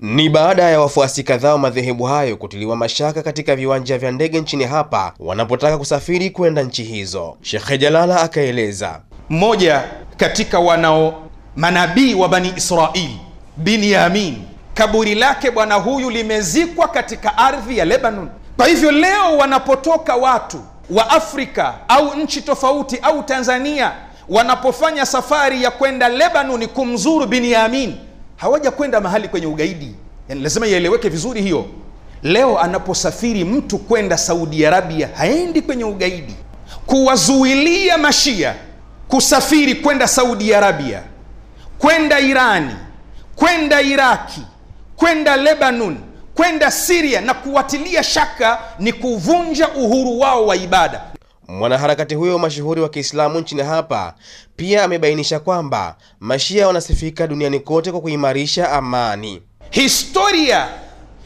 Ni baada ya wafuasi kadhaa wa madhehebu hayo kutiliwa mashaka katika viwanja vya ndege nchini hapa wanapotaka kusafiri kwenda nchi hizo. Sheikh Jalala akaeleza, mmoja katika wanao manabii wa Bani Israili Yamin, kaburi lake bwana huyu limezikwa katika ardhi ya Lebanon. Kwa hivyo leo wanapotoka watu wa Afrika au nchi tofauti au Tanzania wanapofanya safari ya kwenda Lebanoni kumzuru Binyamin hawajakwenda mahali kwenye ugaidi. Yani lazima ieleweke vizuri hiyo. Leo anaposafiri mtu kwenda Saudi Arabia haendi kwenye ugaidi. Kuwazuilia mashia kusafiri kwenda Saudi Arabia, kwenda Irani, kwenda Iraki, kwenda Lebanon, kwenda Siria na kuwatilia shaka ni kuvunja uhuru wao wa ibada. Mwanaharakati huyo mashuhuri wa Kiislamu nchini hapa pia amebainisha kwamba mashia wanasifika duniani kote kwa kuimarisha amani. Historia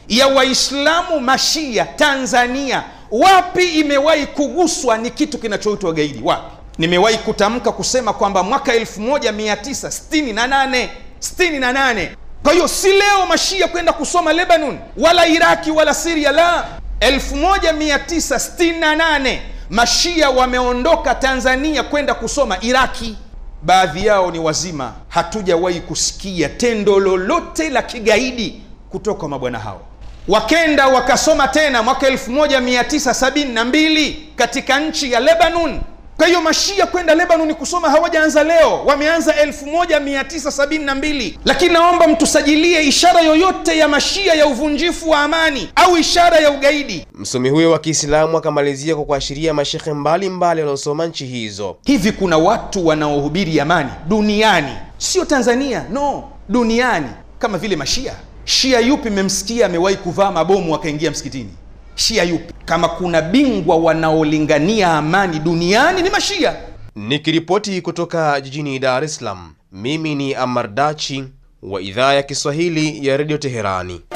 ya Waislamu mashia Tanzania, wapi imewahi kuguswa ni kitu kinachoitwa gaidi? Wapi? Nimewahi kutamka kusema kwamba mwaka 1968 Kwa hiyo si leo mashia kwenda kusoma Lebanon wala Iraki wala Siria, la 1968 Mashia wameondoka Tanzania kwenda kusoma Iraki, baadhi yao ni wazima. Hatujawahi kusikia tendo lolote la kigaidi kutoka mabwana hao. Wakenda wakasoma tena mwaka 1972 katika nchi ya Lebanon kwa hiyo mashia kwenda Lebanon kusoma hawajaanza leo, wameanza 1972 lakini naomba mtusajilie ishara yoyote ya mashia ya uvunjifu wa amani au ishara ya ugaidi. Msomi huyo wa Kiislamu akamalizia kwa kuashiria mashekhe mbalimbali waliosoma nchi hizo. Hivi kuna watu wanaohubiri amani duniani, sio Tanzania, no, duniani kama vile mashia. Shia yupi mmemsikia amewahi kuvaa mabomu akaingia msikitini? Shia yupi? Kama kuna bingwa wanaolingania amani duniani ni Mashia. Nikiripoti kutoka jijini Dar es Salaam, mimi ni Amardachi wa idhaa ya Kiswahili ya Redio Teherani.